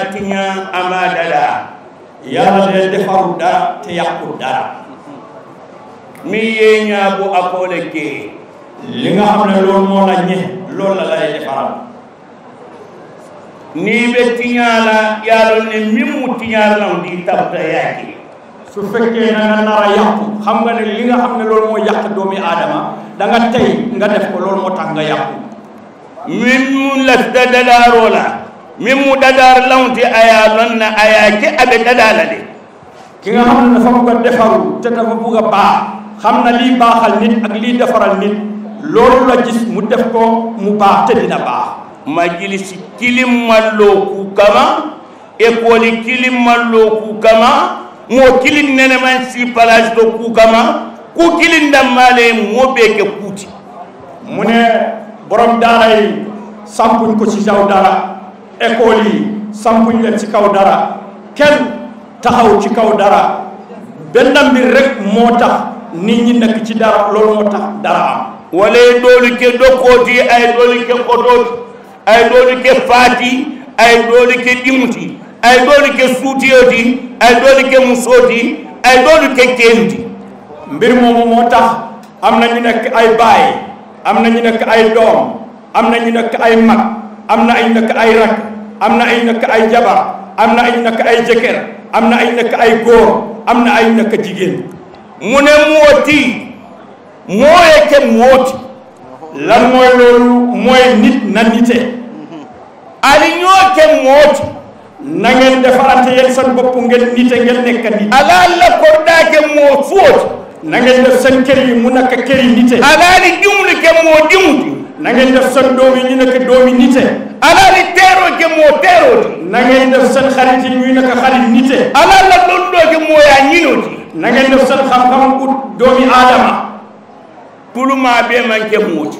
baatiña amaada daa yàlla de defaru dara te yàqul dara mi yeeñaa bu akoole kee li nga xam ne loolu moo la ñe loolu la lay defaral nii be tiñaa la yàlla ne min mu tiñaa law di tabta yaaki su fekkee a yàqu xam nga ne li nga xam ne loolu moo yàq doomi aadama da nga tey nga def ko loolu moo tax nga yàqu min mu lafta dadaaroo la min mu dadar lawnti aya lonna aya ke aɓe ɗaɗala de ki nga xam ne dafa bëgg a defaru te dafa bëgg a baax xam na lii baaxal nit ak lii defaral nit loolu la gis mu def ko mu baax te dina baax majlisi kilimmalloku kama école kilimmalloku kama mo kilin neneman si place to ku kama ku kilin dammale mo ɓe ke kuuti mu ne borom daara yi sampuñ ko ci jaw école yi sampuñ leen ci kaw dara kenn taxaw ci kaw dara benn mbir rek moo tax nit ñi nekk ci dara loolu moo tax dara am wala doolu ke dokkooti ay doolu ke kotooti ay doolu ke faati ay doolu ke ɗimuti ay doolu ke suutiyooti ay doolu ke musooti ay doolu ke keenti mbir moomu am na ñu nekk ay baay am na ñu nekk ay doom am na ñu nekk ay mag am na ay nekk ay rakk am na ay nekk ay jabar am na ay nekk ay jëkkër am na ay nekk ay góor am na ay nekk jigéen mu ne mooti moo yeke mooti lan mooy loolu mooy nit na nite ali ñoo ke mooti na ngeen defarante yéen seen bopp ngeen nite ngeen nekk nit alaa la ko daake moo footi na ngeen def seen kër yi mu nekk kër yi nite alaa ni jumli ke moo dimuti na ngeen def seen doom yi ñu nekk doomi nite alaali teerooje moo teerooti na ngeen def seen xarit yi ñuy nekk xarit nite alaa la lonndooje mooyaa ñinooti na ngeen def seen xam-xam ut doomi aadama tulumaa bee manke mooti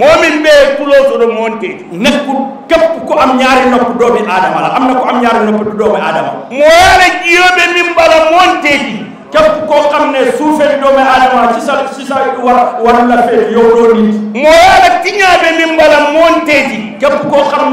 moomin bee puloo sodo moonteeti nekkul képp ko am ñaari nopp doomi aadama la am na ko am ñaari nopp doomi aadama mooyaa la jiyooɓe min mbala moonteeti képp koo xam ne suufee doomu aadama ci sa ci sa war war la fee yow doo nit. mooyaa la tiñaaɓe min mbala monteji képp koo xam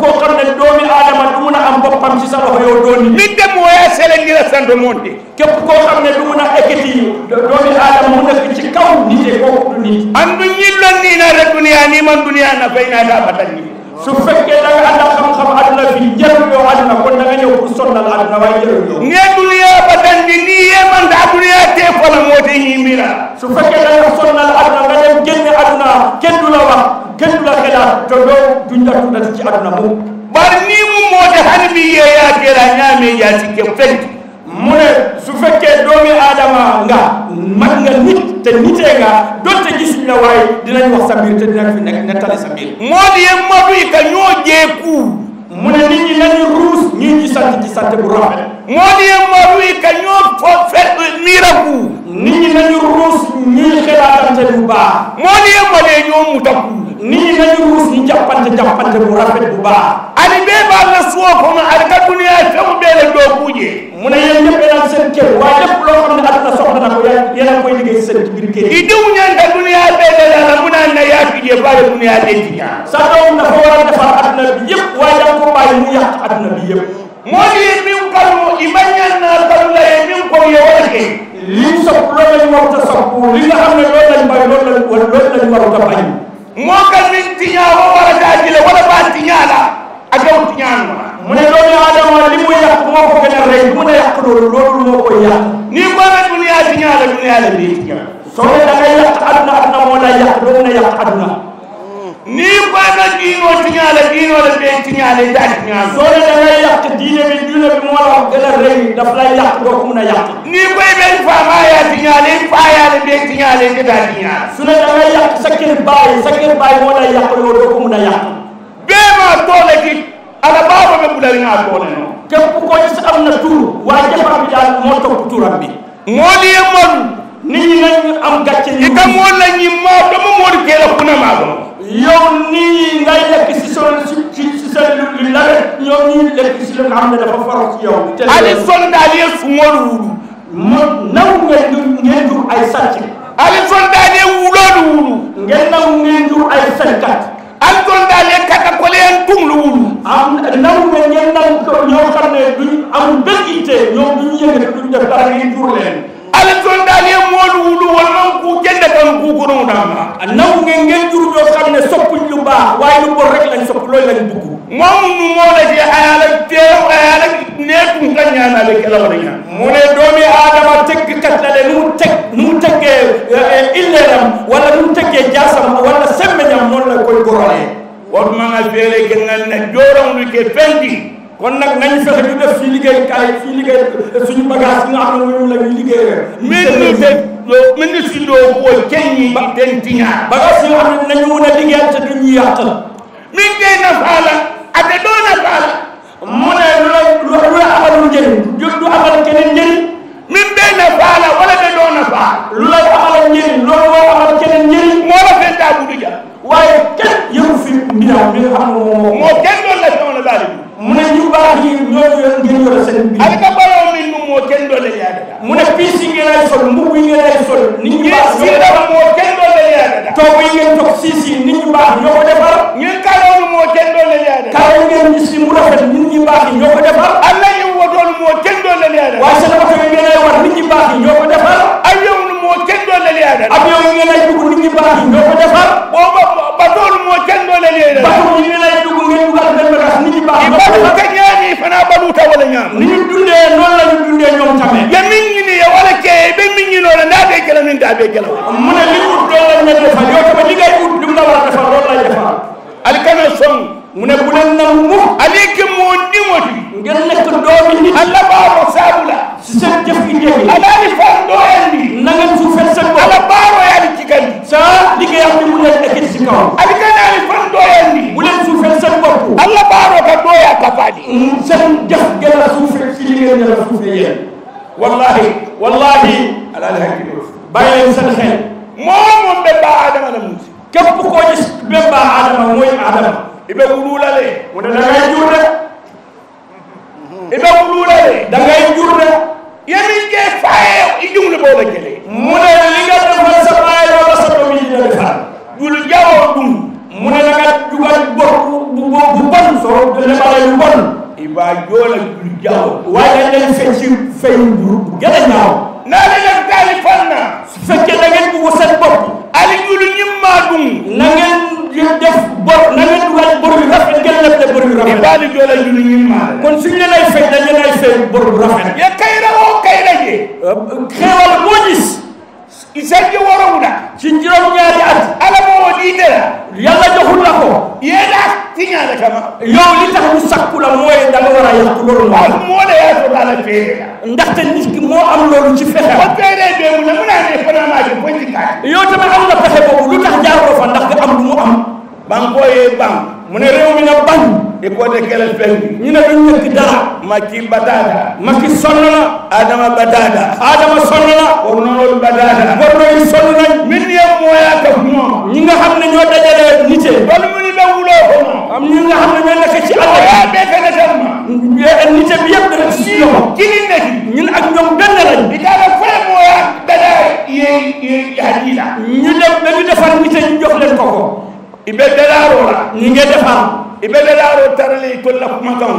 koo xam ne doomu aadama du a am boppam ci sa loxo yow doo nit. nit de mooyaa selendira santo monte képp koo xam ne du mun a ekkati doomu aadama mu nekk ci kaw nit yi kooku du nit. am du ñilloon nii duniyaa nii man duniyaa na fay daa batal nii su fekkee da nga ànd ak xam-xam àdduna fi jëriñoo àdduna kon da nga ñëw pour sonnal àdduna waaye jëriñoo ne duniya baɗanndi ni yemande a duniya te kono moote yimbira su fekkee da nga sonnal àdduna nga dem génne àdduna kenn du la wax kenn du la xelaat te doo duñ la tuddati ci àdduna moom bar ni mu moote hani mi yeeyaa geera ñaamee yaa sikke fenti mu ne su fekkee doomi aadama nga mag nga nit te nitee nga donte gisuñ la waaye dinañ wax sa mbir te dinañ fi nekk nettali sa mbir moo di yem matu yi ka ñoo jeeku mu ne nit ñi nañu ruus ñii ñi sant ci sant bu rafet moo di yem matu yi ka ñoo fo fet niiraku nit ruus ñii xelaatante bu baax moo di yem malee ñoo bu rafet bu baax ali bee na suwo kono ali ka duniyaa bee la doo kuujee mu ne yéen ñëpp yéen a am seen kër waaye lépp loo xam ne àdduna soxla na ko yéen a koy liggéey seen ci biir kër yi. idiwuñanta bee de mu naan na yaa fi jee baale duniyaa denc sa doom dafa war a defar àdduna bi yëpp waaye ko bàyyi mu yàq àdduna bi yëpp. moo di min kalu imañan naa kalu la ye min ko ye wala ke li mu sopp loolu lañ warut a sopp li nga xam ne loolu lañ bay loolu lañ wala loolu lañ a moo kan min tiñaa wa war a daajile wala baa tiñaa la a gaw tiñaa mu ne doomu aadama li mu yàq moo ko gën a rey li mu ne yàq loolu loolu moo koy yàq ni ko amee duniyaa bi ñaar la duniyaa la bii ñaar lay yàq doo mën a bi diine bi gën a rey daf lay yàq doo ko mën a ni koy mel faamaayaa ci ñaar la faayaa la bee ci ñaar la jëdaa ci ñaar baay sa baay moo lay yàq loolu doo ko mën a yàq bee maa toole ci ala baaɓo ɓe ɓulariŋa koone noon kebbu koyis am na tuur waa jafaɓe jaa moo tokku tuuram bi am gàcce i ka mool la ñi moo dama moolu keela kunamaa ko yow nii ngay lekk si sol si si sa lu lawe ñoom si la nga xam dafa faro si yow ali sondaal ye sumool wulu mo naw ngeen ay sàcc ali algondalen kata koleen tunglu wulu a ne ñen ndaw ñoo xam ne duñ amul benn itte ñoom duñ yëngate duñ def dara yi jur leen algondale moolu wulu wala ku jënd kan ku ko noonu dama ndaw nge ngeen jur ñoo ne soppuñ lu baax waaye lu bon rek lañ sopp loolu lañ bugg moom nu moo la je ayala teew ayala neetum ka ñaanale kala wala ñaan mu ne doomi aadama tëgg kat la de nu mu teg nu mu teggee eh, eh, illeeram wala nu mu teggee jaasam wala wotumanga feere ke ganna joorandu ke fendi kon nag nañu fexe di def suñu liggéey kaay suñu liggéey suñu bagage nga xam ne moom la ñuy liggéey rek ministre ɗo o keñi ten tiña bagage nga xam ne nañu wona liggéeyal te duñu yàqal min de nafaala ade ɗo nafaala mu ne lu la amalul njëriñ du amal keneen njëriñ min de nafaala wala de ɗo nafaala lu la amalal njëriñ loolu wala amal keneen njëriñ moo la fen daa budu ja waaye kenn yëngu fi mbinaam mi nga xam ne moom moo. moo kenn doon la sama baal bi. mu ne ñu baax yi ñoo yor ngeen yor seen bi. ak nga baloo mi nu moo kenn doon la yaakaar. mu ne piis yi ngeen ay sol mbubb yi ngeen ay sol. nit ñu baax ñoo ko moo kenn doon la yaakaar. toog yi ngeen toog siis yi nit ñu baax ñoo ko defar. ñun kàllaama moo kenn doon la yaakaar. kàllaama ngeen gis mu rafet nit ñu baax yi ñoo ko defar. am na ñu wotoon moo kenn doon la yaakaar. waaye seen oto yi ngeen ay war nit ñu baax yi ñoo ko defar. dooleel yaay dal. ab yow ñu lay dugg nit ñi baax yi ñoo ko defar. boo ba ba loolu moo kenn dooleel yaay dal. parce que ñu lay dugg ngeen dugal benn baax nit ñi baax. ñoo ko defar ñaan yi fanaa ba luuta wala ñaan. ni ñu dundee noonu la ñu dundee ñoom tamit. ya min ñi ni yow wala cee ba min ñi noonu ndaa bee gëlaw ni ndaa bee gëlaw. mu ne li ut loolu la ñu defar yow tamit li ngay ut li mu la war a defar loolu la ñu defar. alikana song mu ne bu leen nangu mu. alike moo ndiwati. ngeen nekk doomi nit. allah baaxoo saabu la seen jëf gi njëkk. alaali foofu na nga suufee sa bopp. boole gele mu ne li nga defal sa baay wala sa doom yi dina defal bul jawoo dum mu ne la nga jugal bor bu bu bon soo dana bare lu bon i baa joola bul jawoo waaye dañ fekk ci fayu bu gën a ñaaw naa leen ak daali su fekkee da ngeen bugg seen bopp Aliou ñimmaa dum. na ngeen def bor na ngeen dugal bor bu rafet ngeen def te bor bu rafet. Ibali Joola Aliou ñimmaa. kon suñ la lay fay dañ la lay fay bor bu rafet. ya kayra woo kayra ji. xéewal boo gis. isajjo worowna ci njirom ñaari at ala mo woni dara yalla joxul la ko yeda ci ñaara kama yow li tax mu sakku la moy dama wara yakku lolu ma mo la ya ko dala fe ndaxte nit ki mo am lolu ci fexe ba fere be mu na mu na ne fana ma ci ko ci ka yow tama am na fexe bobu lu tax jaar ko fa ndax nga am lu mu am maa ngi koy ban mu ne réew mi na ban i ko de kelal fen bi ñu ne duñ nekk dara Macky Badada Macky sonn na Adama Badada Adama sonn na war noonu Badada war noonu sonn nañ min yem mooyaa ka moom ñi nga xam ne ñoo dajale nité wala mu ni la wuloo ko am ñi nga xam ne ñoo nekk ci àll bi bekk na tam nité bi yëpp dana ci loxo ci li nekk ñun ak ñoom benn lañ di daala fay mooyaa dada yee yee hadila ñu dem ba ñu defar nité ñu jox leen ko ko ibe dalaaro la ni nga defar ibe dalaaro tarali ko la kuma kan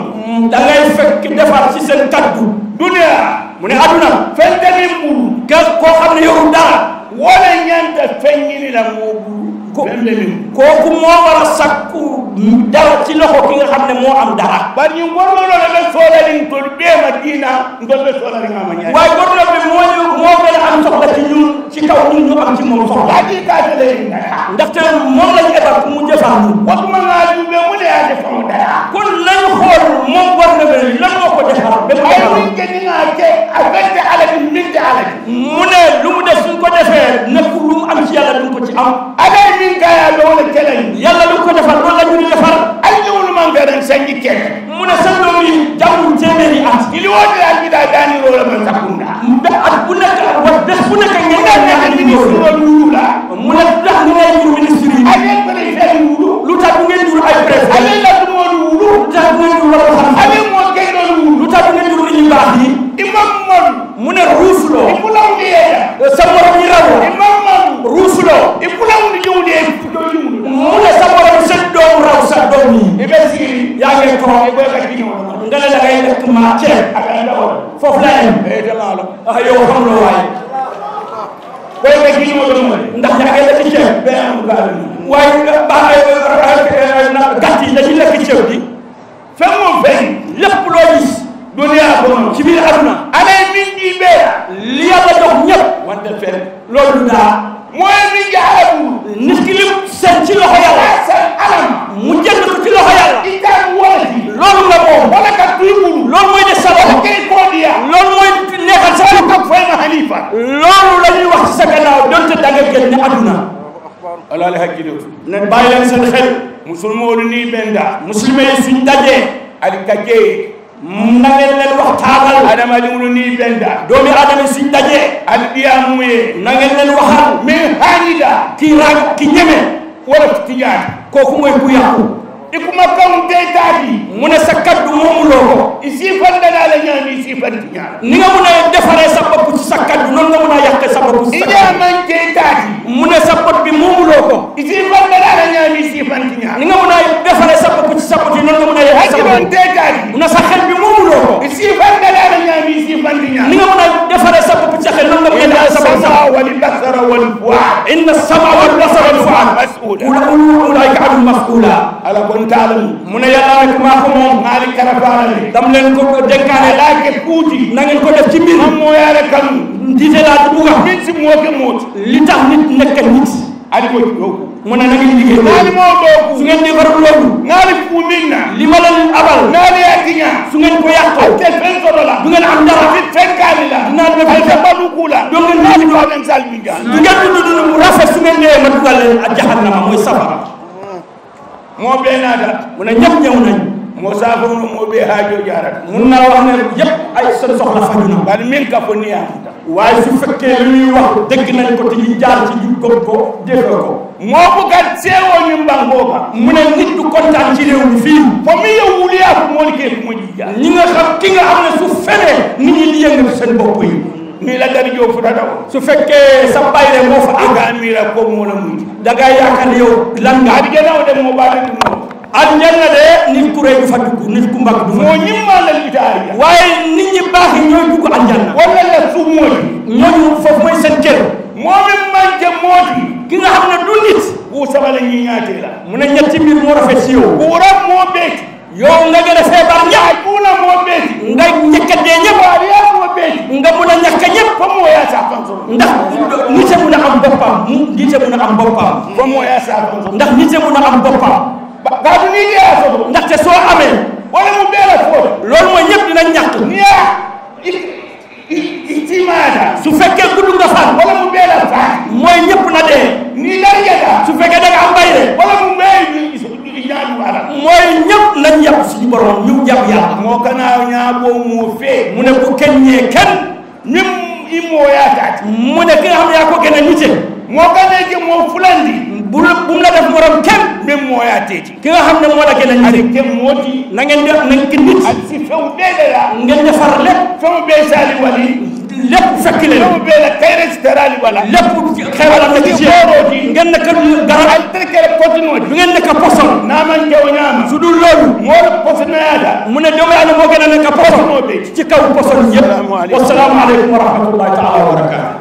da ngay fekk defar ci seen kaddu dunia mu ne aduna fen dani mburu ga ko xam ne yoru dara wala ñanta fen ni la mo kooku moo war a sakku dara ci loxo ki nga xam ne moo am dara bari ñu gorlolo le ɓe soolali ngol ɓeema diina ngol ɓe soolali ngama ñaani waaye gorlo ɓe moo moo gën a am soxla ci ñun ci kaw ñun ñu am ci moom soxla adi kaatele ndaxte moom lañu état mu jëfaan ñu. wax mën naa ñu mais mu ne yaa def mu dara. kon nañu xool moom war na mel lan moo ko defar. ba mu defar ay jënd naa te ak mu ne lu ko defee nekk lu mu am ci yàlla duñ ko ci am. a min gaayaa la wala keneen. yàlla lu ko defar loolu la ñu di defar. ay ñëwul man beneen sañ ñi kenn. mu ne sa doom yi jàngul téeméeri at. li woo daal ñu daal daani woo la man sakunda. ndax at bu ale la dumoni wulu lutax dinañ wulu wala xam ale moo gayno wulu lutax dinañ wulu ñu baax yi imam mon mu ne ruusuloo i bulaw ni yeeya sa morom ñi rawo imam mon ruusuloo i bulaw ni ñëw dee mu ne sa morom sa doom raw sa doom yi i be siri yaa ngi toog i be ka ci ñëw nga la ngay lekk maa ceeb ak ay ndaw foofu laa yem eh damaa la ah yow xam la waaye koy ka ci ñëw ndax yaa ngi lekk ceeb benn baalu waaye gàtt yi dañuy lekk ceeb bi fenn moom fenn lépp loo gis doon yaa ko moom ci biir aduna amee nit ñi bee li yàlla jox ñëpp wante fenn loolu daa mooy nit ñi arabu nit ki lim seen ci loxo kajjiɗo nen mbawilen sen xel musulmoolu ni ɓen da muslime suñ dajee ali kajjee nangel nen waxtaanal adamadiŋolu ni ɓen da doomi adama suñ dajee ali ɗiya muye nangel nen waxal mais haanida ki ñeme wala tijaat kooku mooy ku yàqu ikuma kan deytaati mu ne sa kaddu moomuloo ko i siifan danaa ñaami i siifanti ñaar ni nga mun a defaree sa bopp ci sa kaddu nga a yàqe sa bopp ci sa kaddu i mu ne sa bot bi moomuloo ko i nga mun a defaree sa bopp ci sa bot nga a yàqe sa mu ne sa xel bi moomuloo ko i nga mun a defaree sa إن السمع والبصر والفؤاد إن السمع والبصر والفؤاد مسؤولا أولئك عن مسؤولا ألا كنت أعلم من يلاك آية ما هم مالك كرفان دم لن كنت دكان لك كوتي نعن كنت تبين هم ياركم ديزلات بوغا من سموك موت لتحنت نكنت أدي كنت mu ne na ngeen liggéey naani moo boobu su ngeen defarul loolu naani bu min na li a leen abal naani yaa tiña su ngeen ko yàqoo te fen solo la du ngeen am a fit fen kaani la dinaa def ay balu a donc naani fa leen sal min ga du ngeen su ma dugal leen ak jahannama mooy safara moo bee naa da mu ne ñëpp ñëw nañ moo saafaru moo bee haajoo jaarat mun naa wax ne a ay sa soxla faju na bari min ka fo niyaa waaye su fekkee li ñuy wax dégg nañ ko te ñu jaar ci ñu gëm ko dégg ko. moo ko gan seewoo ñu mbang booba. mu ne nit du kontaan ci réew mi fii. fa mi yow wuli yaa ko moo liggéey bu ma ji jaar. ñi nga xam ki nga xam ne su fenee nit ñi di yëngal seen bopp yi. nii la dari joo fu su fekkee sa bayre moo fa àgg amira ko moo la mujj da ngay yaakaar yow lan nga. aljanna de nit ku rëy du fa dugg nit ku mbagg du fa moo ñimmaanal idaariya waaye nit ñi baax yi ñooy dugg aljanna wala la suuf mooy ñooñu foofu mooy seen cër moo min mànke mooti ki nga xam ne du nit bu sabale ñi la mu ne ñetti mbir moo rafet si yow moo beeti yow nga gën a feebar njaay buula moo beeti nga ñàkk a dee ñëpp waaw moo beeti nga mun a ñàkk a ñëpp comme moo yaa saa ndax nit a mun a am boppam nit a mun a am boppam comme moo yaa saa ndax nit a baatu nii nii yaa soxla. ndaxte soo amee. wala mu dee la foofu. loolu mooy ñëpp dinañ ñàkk. nii yaa i i ci maata. su fekkee gudd nga fan. wala mu dee la faa. mooy ñëpp na dee. nii la yàlla. su fekkee da nga am bayre. wala mu may ñaanu ala. mooy ñëpp nañ yàpp suñu borom ñu jàpp yàlla. moo gannaaw ñaa moo fee. mu ne bu kenn ñee kenn. ni i moo yaataat. mu ne ki nga xam ne yaa ko gën a nite. moo gën a jëm moo fulandi. bu la bu mu la def morom kenn même moo yaa teeti ki nga xam ne moo la gën a ñari te moo di na ngeen def na ngeen nit ak si few bee la yaa ngeen defar lépp few bee saali wali lépp fekk leen few bee la kay restaurant wala lépp xewala na ci booroo di ngeen nekk dara ay trekere continué du ngeen nekk poson naa man jaw ñaama su dul loolu moo la poson yaada mu ne doomu yàlla moo gën a nekk poson ci kaw poson yëpp wasalaamu aleykum wa rahmatullahi taala wa barakatu